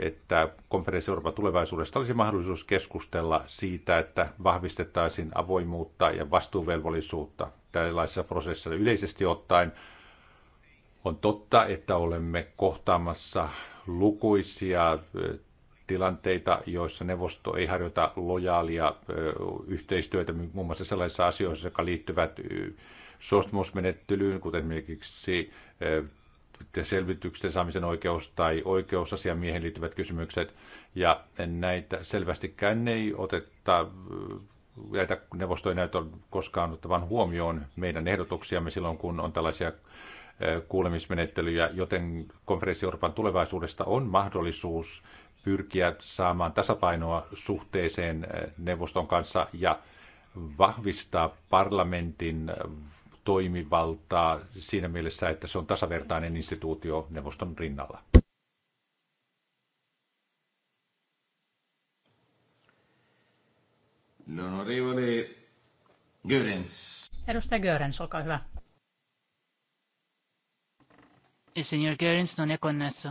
että konferenssi Euroopan tulevaisuudesta olisi mahdollisuus keskustella siitä, että vahvistettaisiin avoimuutta ja vastuuvelvollisuutta tällaisissa prosesseissa yleisesti ottaen. On totta, että olemme kohtaamassa lukuisia tilanteita, joissa neuvosto ei harjoita lojaalia yhteistyötä muun muassa sellaisissa asioissa, jotka liittyvät suostumusmenettelyyn, kuten esimerkiksi selvityksen saamisen oikeus tai oikeusasiamiehen liittyvät kysymykset. Ja näitä selvästikään ei oteta, näitä neuvosto ei näytä koskaan ottavan huomioon meidän ehdotuksiamme silloin, kun on tällaisia kuulemismenettelyjä, joten konferenssi Euroopan tulevaisuudesta on mahdollisuus pyrkiä saamaan tasapainoa suhteeseen eh, neuvoston kanssa ja vahvistaa parlamentin eh, toimivaltaa siinä mielessä, että se on tasavertainen instituutio neuvoston rinnalla. L'onorevole Görens. Edustaja Görens, olkaa hyvä. Il signor Görens non è connesso.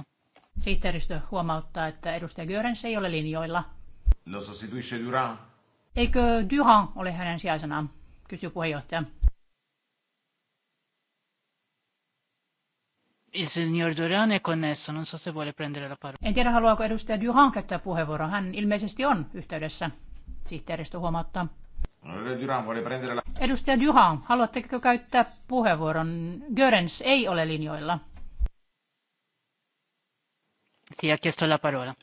Sihteeristö huomauttaa, että edustaja Görens ei ole linjoilla. on no, se Durand. Eikö Durand ole hänen sijaisenaan? Kysyy puheenjohtaja. Il signor Durand è connesso, non so se vuole prendere la parola. En tiedä, haluaako edustaja Durand käyttää puheenvuoron. Hän ilmeisesti on yhteydessä. Sihteeristö huomauttaa. No, edustaja Duhan haluatteko käyttää puheenvuoron? Görens ei ole linjoilla. Sì, ha chiesto la parola.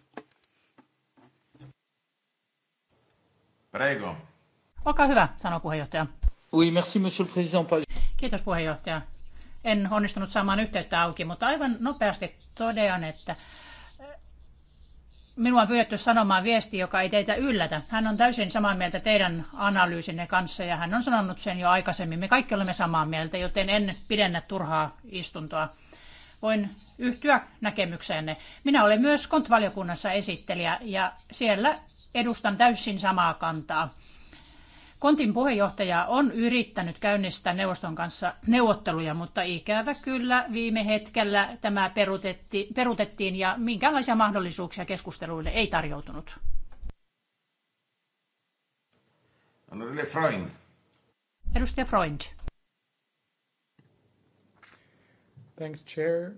Prego. Olkaa hyvä, sanoi puheenjohtaja. Oui, merci, monsieur le président. Kiitos puheenjohtaja. En onnistunut saamaan yhteyttä auki, mutta aivan nopeasti totean, että eh, minua on pyydetty sanomaan viesti, joka ei teitä yllätä. Hän on täysin samaa mieltä teidän analyysinne kanssa ja hän on sanonut sen jo aikaisemmin. Me kaikki olemme samaa mieltä, joten en pidennä turhaa istuntoa. Voin yhtyä näkemykseenne. Minä olen myös kontvaliokunnassa esittelijä ja siellä edustan täysin samaa kantaa. Kontin puheenjohtaja on yrittänyt käynnistää neuvoston kanssa neuvotteluja, mutta ikävä kyllä viime hetkellä tämä perutetti, perutettiin ja minkälaisia mahdollisuuksia keskusteluille ei tarjoutunut. Edustaja Freund. Thanks, chair.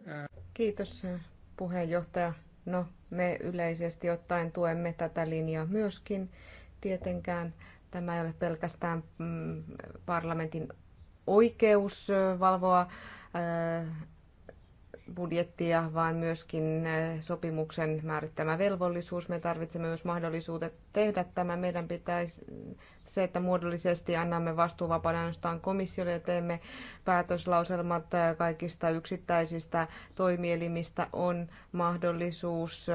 Kiitos puheenjohtaja. No, me yleisesti ottaen tuemme tätä linjaa myöskin. Tietenkään tämä ei ole pelkästään mm, parlamentin oikeus valvoa budjettia, vaan myöskin sopimuksen määrittämä velvollisuus. Me tarvitsemme myös mahdollisuudet tehdä tämä. Meidän pitäisi se, että muodollisesti annamme vastuuvapaan ainoastaan komissiolle ja teemme päätöslauselmat kaikista yksittäisistä toimielimistä, on mahdollisuus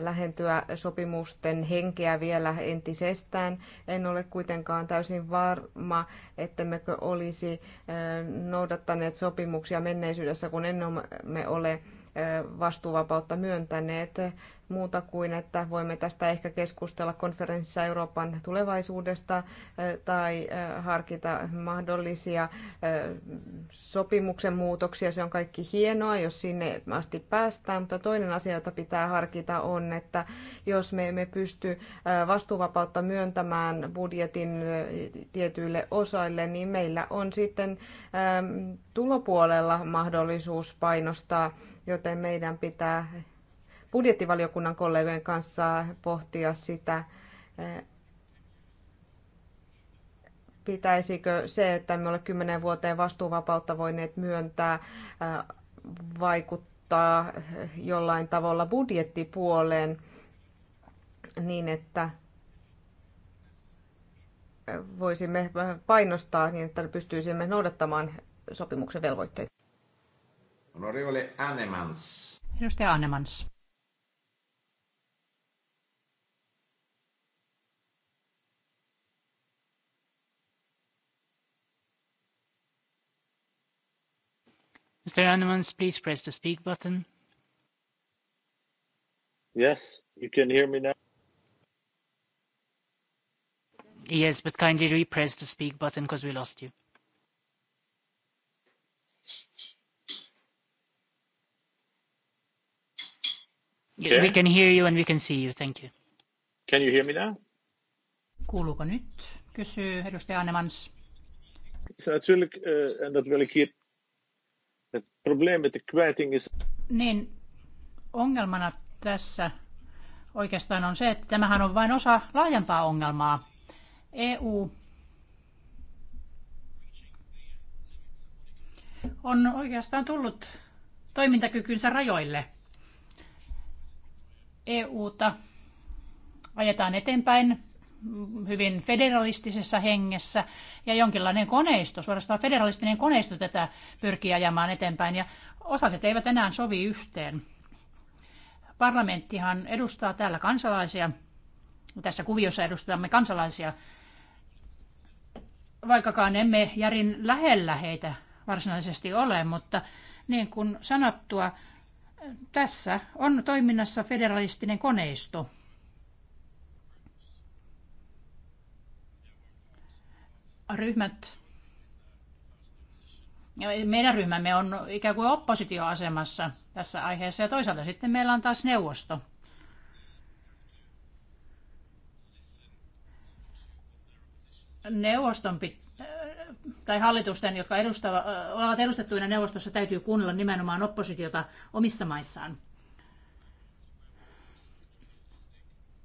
lähentyä sopimusten henkeä vielä entisestään. En ole kuitenkaan täysin varma, että mekö olisi noudattaneet sopimuksia menneisyydessä, kun en ole vastuuvapautta myöntäneet muuta kuin, että voimme tästä ehkä keskustella konferenssissa Euroopan tulevaisuudesta tai harkita mahdollisia sopimuksen muutoksia. Se on kaikki hienoa, jos sinne asti päästään, mutta toinen asia, jota pitää harkita on, että jos me emme pysty vastuuvapautta myöntämään budjetin tietyille osaille, niin meillä on sitten tulopuolella mahdollisuus painostaa, joten meidän pitää budjettivaliokunnan kollegojen kanssa pohtia sitä, pitäisikö se, että me ole kymmenen vuoteen vastuuvapautta voineet myöntää, vaikuttaa jollain tavalla budjettipuoleen niin, että voisimme painostaa niin, että pystyisimme noudattamaan sopimuksen velvoitteita. Honorevole Annemans. Edustaja Annemans. Mr. Annemans, please press the speak button. Yes, you can hear me now. Yes, but kindly repress the speak button because we lost you. Yeah, We can hear you and we can see you. Thank you. Can you hear me now? Kuuluuko nyt? Kysyy edustaja Annemans. Sä oot natuurlijk, uh, en dat wil kväting is... Niin, ongelmana tässä oikeastaan on se, että tämähän on vain osa laajempaa ongelmaa. EU on oikeastaan tullut toimintakykynsä rajoille. EUta ajetaan eteenpäin hyvin federalistisessa hengessä ja jonkinlainen koneisto, suorastaan federalistinen koneisto tätä pyrkii ajamaan eteenpäin ja osaset eivät enää sovi yhteen. Parlamenttihan edustaa täällä kansalaisia, tässä kuviossa edustamme kansalaisia, vaikkakaan emme järin lähellä heitä varsinaisesti ole, mutta niin kuin sanottua, tässä on toiminnassa federalistinen koneisto – ryhmät, meidän ryhmämme on ikään kuin oppositioasemassa tässä aiheessa ja toisaalta sitten meillä on taas neuvosto. Neuvoston pit- tai hallitusten, jotka edustava, ovat edustettuina neuvostossa, täytyy kuunnella nimenomaan oppositiota omissa maissaan.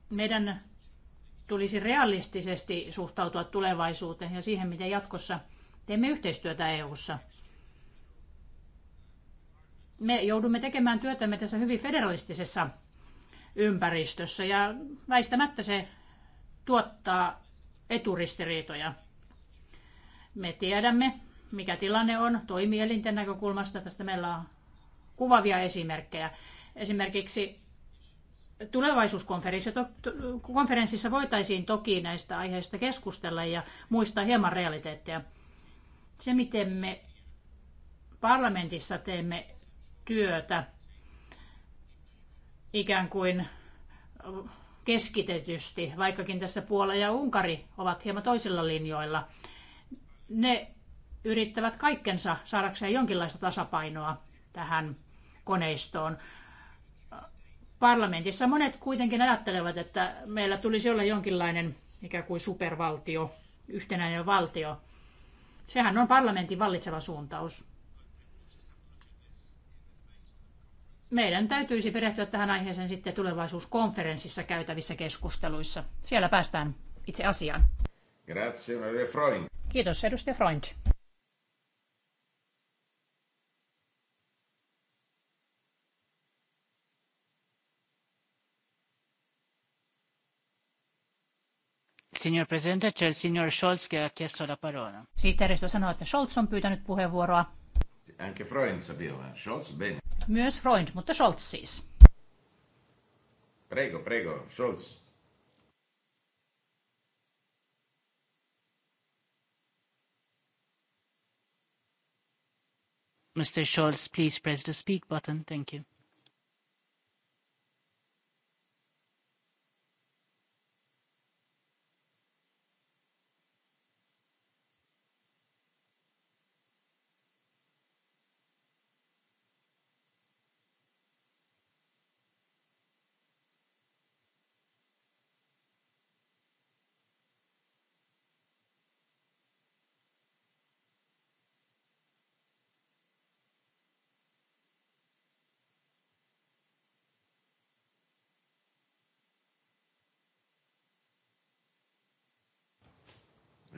Meidän tulisi realistisesti suhtautua tulevaisuuteen ja siihen, miten jatkossa teemme yhteistyötä EU:ssa. Me joudumme tekemään työtämme tässä hyvin federalistisessa ympäristössä ja väistämättä se tuottaa eturistiriitoja. Me tiedämme, mikä tilanne on toimielinten näkökulmasta. Tästä meillä on kuvavia esimerkkejä. Esimerkiksi Tulevaisuuskonferenssissa voitaisiin toki näistä aiheista keskustella ja muistaa hieman realiteetteja. Se, miten me parlamentissa teemme työtä ikään kuin keskitetysti, vaikkakin tässä Puola ja Unkari ovat hieman toisilla linjoilla. Ne yrittävät kaikkensa saadakseen jonkinlaista tasapainoa tähän koneistoon parlamentissa monet kuitenkin ajattelevat, että meillä tulisi olla jonkinlainen ikään kuin supervaltio, yhtenäinen valtio. Sehän on parlamentin vallitseva suuntaus. Meidän täytyisi perehtyä tähän aiheeseen sitten tulevaisuuskonferenssissa käytävissä keskusteluissa. Siellä päästään itse asiaan. Grazie, Freund. Kiitos, edustaja Freund. Signor Presidente, c'è il signor Scholz che ha chiesto la parola. Sihteeristö sanoo, että Scholz on pyytänyt puheenvuoroa. Anche Freund sapeva. Scholz bene. Myös Freund, mutta Scholz siis. Prego, prego, Scholz. Mr. Scholz, please press the speak button. Thank you.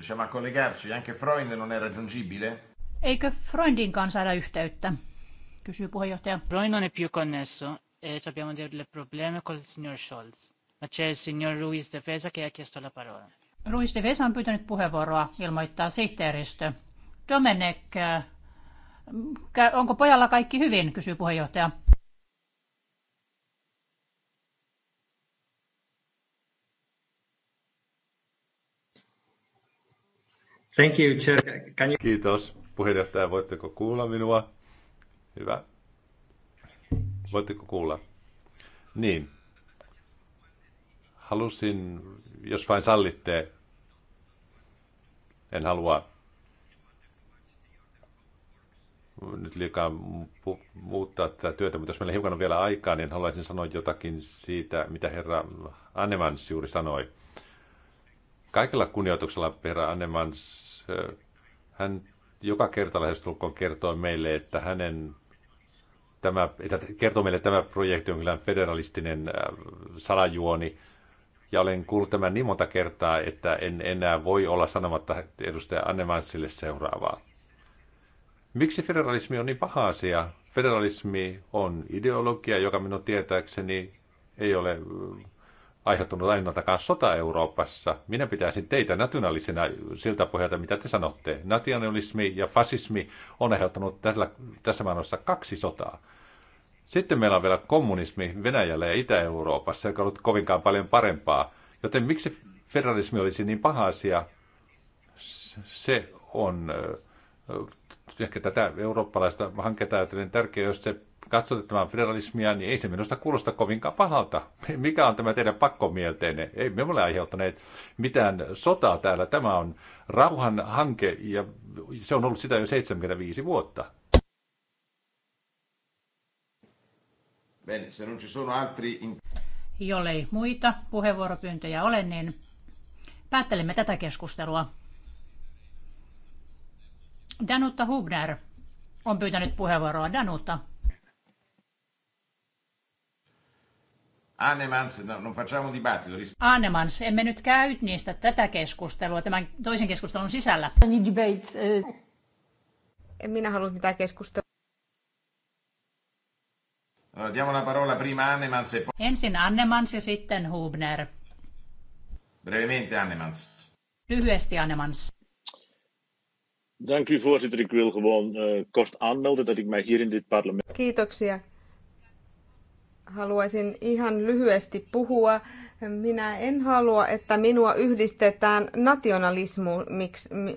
riusciamo a collegarci? Anche Freund non è raggiungibile? Eikö Freundin kanssa saada yhteyttä? Kysyy puheenjohtaja. Freund non è più connesso e abbiamo delle probleme con il signor Scholz. Ma c'è il signor Ruiz de Vesa che ha chiesto la parola. Ruiz de Vesa on pyytänyt puheenvuoroa, ilmoittaa sihteeristö. Domenek, onko pojalla kaikki hyvin, kysyy puheenjohtaja. Thank you, Chair. Can you... Kiitos. Puheenjohtaja, voitteko kuulla minua? Hyvä. Voitteko kuulla? Niin. Halusin, jos vain sallitte, en halua nyt liikaa muuttaa tätä työtä, mutta jos meillä hiukan on vielä aikaa, niin haluaisin sanoa jotakin siitä, mitä herra Annemans juuri sanoi. Kaikella kunnioituksella Vera Annemans, eh, hän joka kerta lähestulkoon kertoo meille, että hänen tämä, että kertoo meille, että tämä projekti on kyllä federalistinen eh, salajuoni. Ja olen kuullut tämän niin monta kertaa, että en enää voi olla sanomatta edustaja Annemansille seuraavaa. Miksi federalismi on niin paha asia? Federalismi on ideologia, joka minun tietääkseni ei ole eh, aiheuttanut takaa sota Euroopassa. Minä pitäisin teitä nationalisina siltä pohjalta, mitä te sanotte. Nationalismi ja fasismi on aiheuttanut tällä, tässä maailmassa kaksi sotaa. Sitten meillä on vielä kommunismi Venäjällä ja Itä-Euroopassa, joka on ollut kovinkaan paljon parempaa. Joten miksi federalismi olisi niin paha asia? Se on ehkä tätä eurooppalaista hanketta ajatellen tärkeää, jos se katsotte tämän federalismia, niin ei se minusta kuulosta kovinkaan pahalta. [laughs] Mikä on tämä teidän pakkomielteenne? Ei me ole aiheuttaneet mitään sotaa täällä. Tämä on rauhan hanke ja se on ollut sitä jo 75 vuotta. Bene, se non ci sono altri... Jollei muita puheenvuoropyyntöjä ole, niin päättelemme tätä keskustelua. Danutta Hubner on pyytänyt puheenvuoroa. Danutta, Annemans, no, no facciamo dibattito. Annemans, emme nyt käy niistä tätä keskustelua tämän toisen keskustelun sisällä. Eh? En minä halua mitään keskustelua. Allora, diamo la parola prima Annemans e poi... Ensin Annemans ja sitten Hubner. Brevemente Annemans. Lyhyesti Annemans. Dank u voorzitter. Ik wil gewoon uh, kort aanmelden dat ik mij hier in dit parlement... Kiitoksia haluaisin ihan lyhyesti puhua. Minä en halua, että minua yhdistetään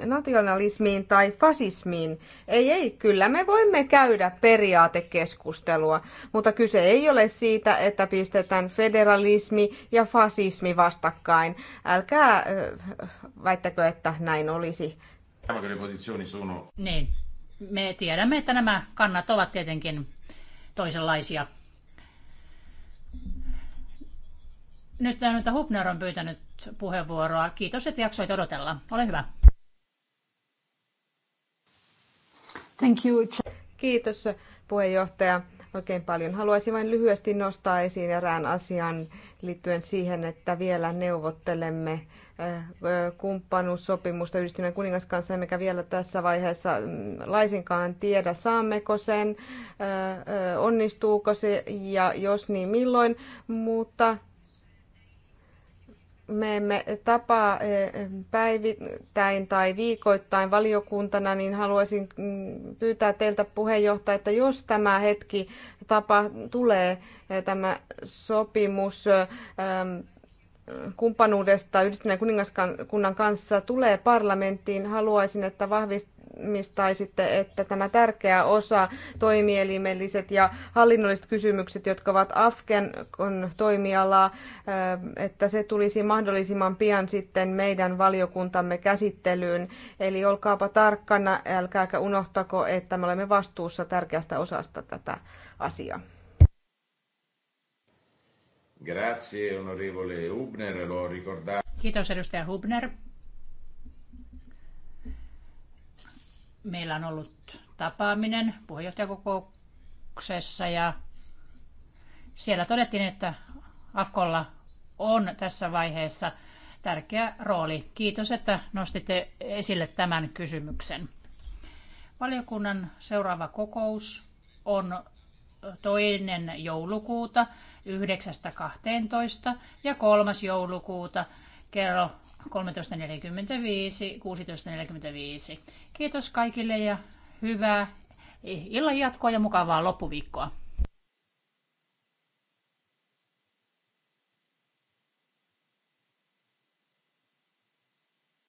nationalismiin tai fasismiin. Ei, ei, kyllä me voimme käydä periaatekeskustelua, mutta kyse ei ole siitä, että pistetään federalismi ja fasismi vastakkain. Älkää väittäkö, että näin olisi. Niin, me tiedämme, että nämä kannat ovat tietenkin toisenlaisia Nyt Danuta Hubner on pyytänyt puheenvuoroa. Kiitos, että jaksoit odotella. Ole hyvä. Thank you. Kiitos puheenjohtaja oikein paljon. Haluaisin vain lyhyesti nostaa esiin erään asian liittyen siihen, että vielä neuvottelemme kumppanuussopimusta yhdistyneen kuningas kanssa, emmekä vielä tässä vaiheessa mm, laisinkaan tiedä, saammeko sen, onnistuuko se ja jos niin milloin, mutta me emme tapaa eh, päivittäin tai viikoittain valiokuntana, niin haluaisin mm, pyytää teiltä puheenjohtaja, että jos tämä hetki tapa tulee, eh, tämä sopimus ehm, kumppanuudesta yhdistyneen kuningaskunnan kanssa tulee parlamenttiin, haluaisin, että vahvist sitten, että tämä tärkeä osa, toimielimelliset ja hallinnolliset kysymykset, jotka ovat Afken toimialaa, että se tulisi mahdollisimman pian sitten meidän valiokuntamme käsittelyyn. Eli olkaapa tarkkana, älkääkä unohtako, että me olemme vastuussa tärkeästä osasta tätä asiaa. Grazie onorevole Hubner, Kiitos edustaja Hubner. Meillä on ollut tapaaminen puheenjohtajakokouksessa ja siellä todettiin, että Afkolla on tässä vaiheessa tärkeä rooli. Kiitos, että nostitte esille tämän kysymyksen. Valiokunnan seuraava kokous on toinen joulukuuta 9.12. ja 3. joulukuuta kello 13.45, 16.45. Kiitos kaikille ja hyvää illanjatkoa ja mukavaa loppuviikkoa.